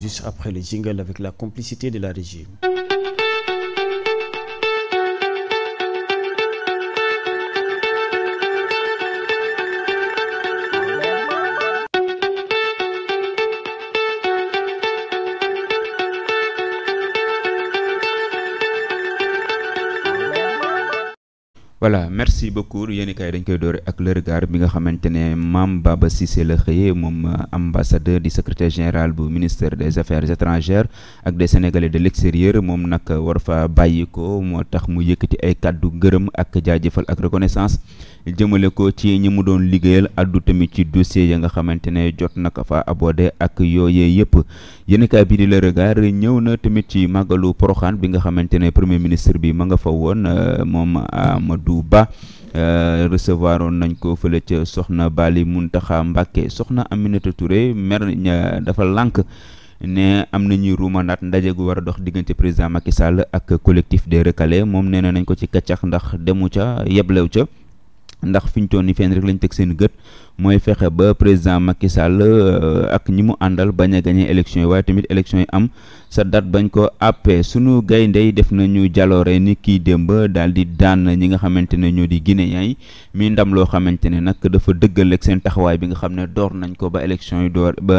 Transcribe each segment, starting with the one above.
Juste après le jingle avec la complicité de la régie. voilà merci beaucoup yéen dañ koy dooree ak le regard bi nga xamante ne Mame Baba Cissé la xëyee moom ambassadeur di secrétaire général bu ministère des affaires étrangères ak des sénégalais de l'extérieur moom nag war fa bàyyi ko moo tax mu yëkkati ay kàddu gërëm ak jaajëfal ak reconnaissance jëmale ko ci ñi mu doon liggéeyal addu tamit ci dossier ya nga xamante ne jot na ko fa abordé ak yooyee yëpp yéenekaay bi di Le Regard ñëw na tamit ci màggalu Poroxaan bi nga xamante ne premier ministre bi ma nga fa woon moom Amadou Amadou Ba euh, recevoir oon nañ ko fële ca soxna Bali Muntaxa Mbàkke soxna Aminata Touré mer dafa lank ne am na ñuy nañuy ruumandaat ndaje gu war a dox diggante président Macky Sall ak collectif des recalés moom nee na nañ ko ci kaccax ndax demu ca yeblew ca ndax fi ñu toon ni rek lañ teg seen gët mooy fexe ba président Macky Sall euh, ak ñi mu àndal bañ a gagné élection yi waaye tamit élection yi am sa date bañ ko àppee suñu gaynde yi def nañu jaloore ni kii démb daal di daan ñi nga xamante ne ñoo di Guinéen yi mi ndam loo xamante ne nag dafa dëggal ak seen taxawaay bi nga xam ne door nañ ko ba élection yi door ba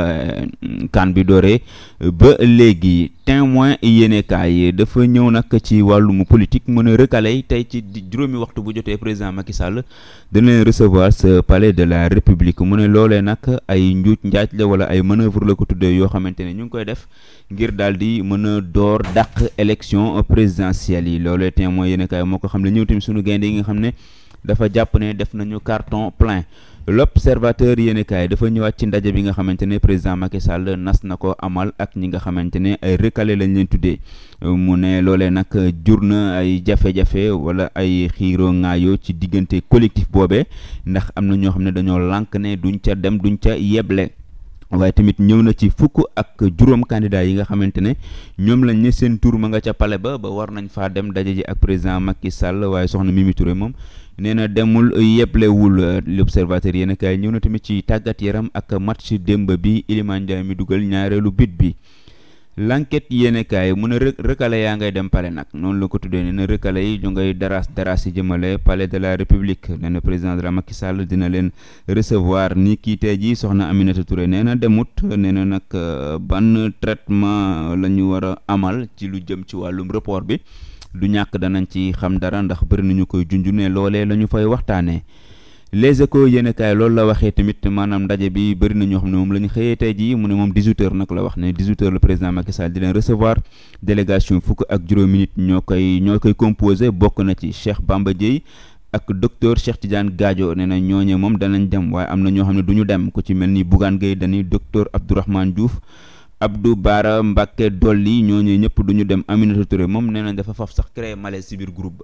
kan euh, bi dooree ba léegi témoin yéenekaay dafa ñëw nag ci wàllum politique mën a recalé tey ci juróomi waxtu bu jotee président Macky Sall dina leen recevoir de la République publique mu ne loolee nag ay njuuj njaaj la wala ay manœuvre la ko tuddee yoo xamante ne ñu ngi koy def ngir daal di mën a door dàq élection présidentielle yi loolee témoin yéen a kaay moo ko xam ne ñëw tamit sunu gaynde yi nga xam ne dafa jàpp ne def nañu carton plein l'observateur yéenekaay dafa ñëwaat ci ndaje bi nga xamante ne président Macky Sall nas na ko amal ak ñi nga xamante ne ay recalé lañ leen tuddee mu ne loolee nag jur na ay jafe-jafe wala ay xiiro ŋaayoo ci diggante collectif boobe ndax am na ñoo xam ne dañoo lank ne duñ ca dem duñ ca yeble waaye tamit ñëw na ci fukk ak juróom candidat yi nga xamante ne ñoom lañ ne seen tur ma nga ca pale ba ba war nañ faa dem daje ji ak président Macky sàll waaye soxna Mimi Touré moom nee na demul yeblewul l'observateur yéen a kaay ñëw na tamit ci tàggat yaram ak match démb bi Iliman Ndiaye mi dugal ñaareelu bit bi l'enquête yéenekaay mu ne recalé yaa ngay dem palais nag noonu la ko tuddee ne na recalé yi ñu ngay daras daras yi jëmale palais de la république nee na président de la Macky dina leen recevoir ni kii tey jii soxna Aminata Touré nee na demut nee na nag euh, ban traitement la ñu war a amal ci lu jëm ci wàllum report bi du ñàkk danañ ci xam dara ndax bëri ñu koy junju ne loole la ñu fay waxtaanee. les échos yéen kaay loolu la waxee tamit maanaam ndaje bi bëri na ñoo xam ne moom la ñu xëyee tey jii mu ne moom 18h nag la wax ne 18h le président Macky Sall di leen recevoir délégation fukk ak juróomi nit ñoo koy ñoo koy composé bokk na ci Cheikh Bamba Dièye ak docteur Cheikh Tidiane Gadio nee na ñooñe moom danañ dem waaye am na ñoo xam ne duñu dem ko ci mel ni Bougane Gueye Dany docteur Abdourahmane Diouf. Abdou Bara Mbacké Dolly ñooñu ñëpp du ñu dem Aminata moom nee nañ dafa faf sax créé malaise ci biir groupe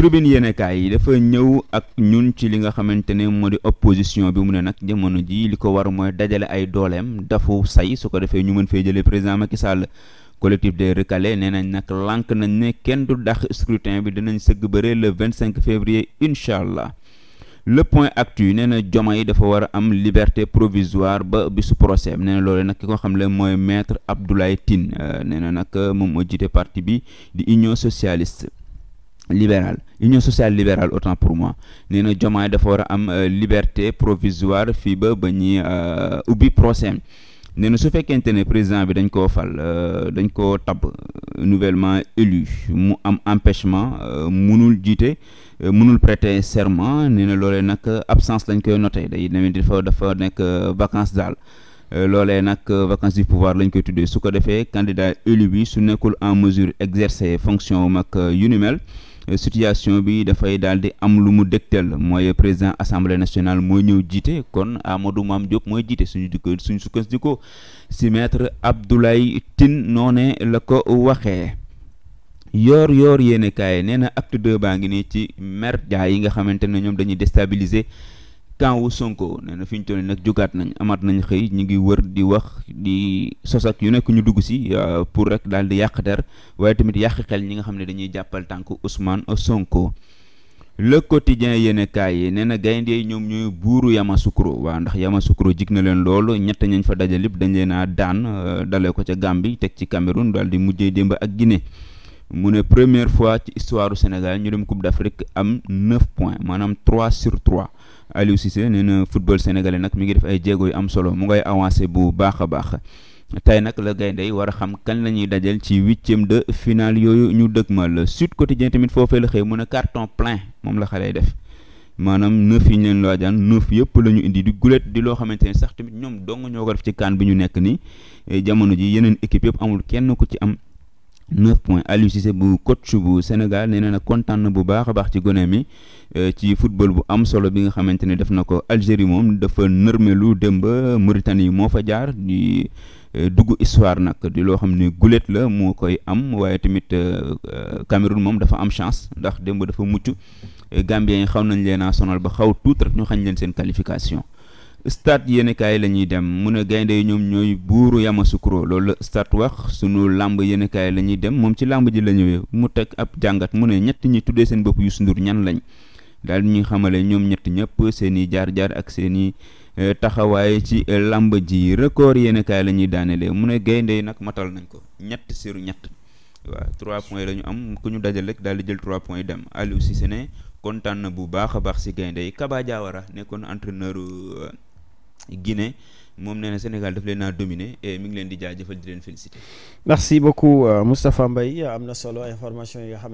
tribune yéenekaay yi dafa ñëw ak ñun ci li nga xamante ne moo di opposition bi mu ne nag jamono ji li ko war mooy dajale ay dooleem dafu say su ko defee ñu mën fee jëlee président Macky Sall collectif des recalés nee nañ nag lànk nañ ne kenn du dax scrutin bi dinañ sëgg bëre le 25 février incha allah le point actu nee na joma yi dafa war a am liberté provisoire ba bisu procès nee na loole nag ki ko xam le mooy maître Abdoulaye Tine euh, nee na nag euh, moom moo jiite parti bi di union socialiste libérale union sociale libérale autant pour moi nee na Diomaye dafa war a am euh, liberté provisoire fii ba ba ñuy euh, ubbi procès nee na su fekkente ne président bi dañ koo fal euh, dañ koo tab nouvellement élu mu am empêchement munul jiite munul prêter serment nee na loolee nag absence lañ koy noté day demee dafa dafa nekk vacances daal loolee nag vacances du pouvoir lañ koy tuddee su ko defee candidat élu bi su nekkul en mesure exercer fonction mag yu ni mel situation bi dafay daal di am lu mu dégtal mooy président assemblée nationale mooy ñëw jiite kon Amadou Mame Diop mooy jiite suñu dikko suñu sukkandikoo si maître Abdoulaye Tine noone la ko waxee. yoor yoor yéene kaay nee na acte deux baa ngi nii ci mer jaay yi nga xamante ne ñoom dañuy déstabiliser. camp wu Sonko nee na fi ñu toll nag jogaat nañu amaat nañu xëy ñu ngi wër di wax di sos ak yu nekk ñu dugg si euh, pour rek daal di yàq der waaye tamit yàq xel ñi nga xam ne dañuy jàppal tànk Ousmane Sonko. le quotidien yéen kaay yi nee na gaynde yi ñoom ñooy buuru Yamoussoukro waaw ndax Yamoussoukro jig na leen loolu ñett ñañ fa daje lépp dañ leen daan euh, dalee ko ca Gambie teg ci Cameroun daal di mujjee démb ak Guinée. mu ne première fois ci histoire du Sénégal ñu dem Coupe d'Afrique am 9 points maanaam 3 sur Aliou Cissé nee football sénégalais nag mi ngi def ay jéego yu am solo mu ngay avancé bu baax a baax tey nag la gaynde yi war a xam kan la ñuy dajal ci huitième de finale yooyu ñu ma dëgmal Sud Quotidien tamit foofee la xëy mu ne carton plein moom la xale yi def maanaam neuf yi ñu leen laajaan neuf yëpp la ñu indi di gulet di loo xamante ne sax tamit ñoom dong ñoo ko def ci kaan bi ñu nekk ni eh, jamono ji yeneen équipe yëpp amul kenn ku ci am 9 points Aliou bu coach bu Sénégal nee na kontaan na bu baax a baax ci gone mi euh, ci football bu am solo bi nga xamante ne def na ko Algérie moom dafa nërmelu dem ba Mauritanie moo fa jaar di euh, dugg histoire nag di loo xam ne gulet la moo koy am waaye tamit euh, Cameroun moom dafa am chance ndax démb dafa mucc Gambien yi xaw nañ leen a sonal ba xaw tuut rek ñu xañ leen seen qualification. stade yéenekaay la ñuy dem mu ne gaynde yi ñoom ñooy buuru yama Yamoussoukro loolu la stade wax sunu làmb yéenekaay la ñuy dem moom ci làmb ji la ñëwee mu teg ab jàngat mu ne ñett ñi tuddee seen bopp yu Ndour ñan lañ daal ñuy xamale ñoom ñett ñëpp seen i jaar-jaar ak seen i e, taxawaay ci làmb ji record yéenekaay la ñuy daanelee mu ne gaynde yi nag matal nañ ko ñett sur ñett waaw trois points la ñu am ku ñu dajal rek daal di jël trois points yi dem Aliou si ne kontaan na bu baax a baax si gaynde yi Kaba Diawara nekkoon entraîneur. E, Guinée moom nee na Sénégal daf leen naa dominer et mi ngi leen di jaajëfal di leen féliciter. merci beaucoup euh, Moustapha Mbaye am na solo information yi nga xam.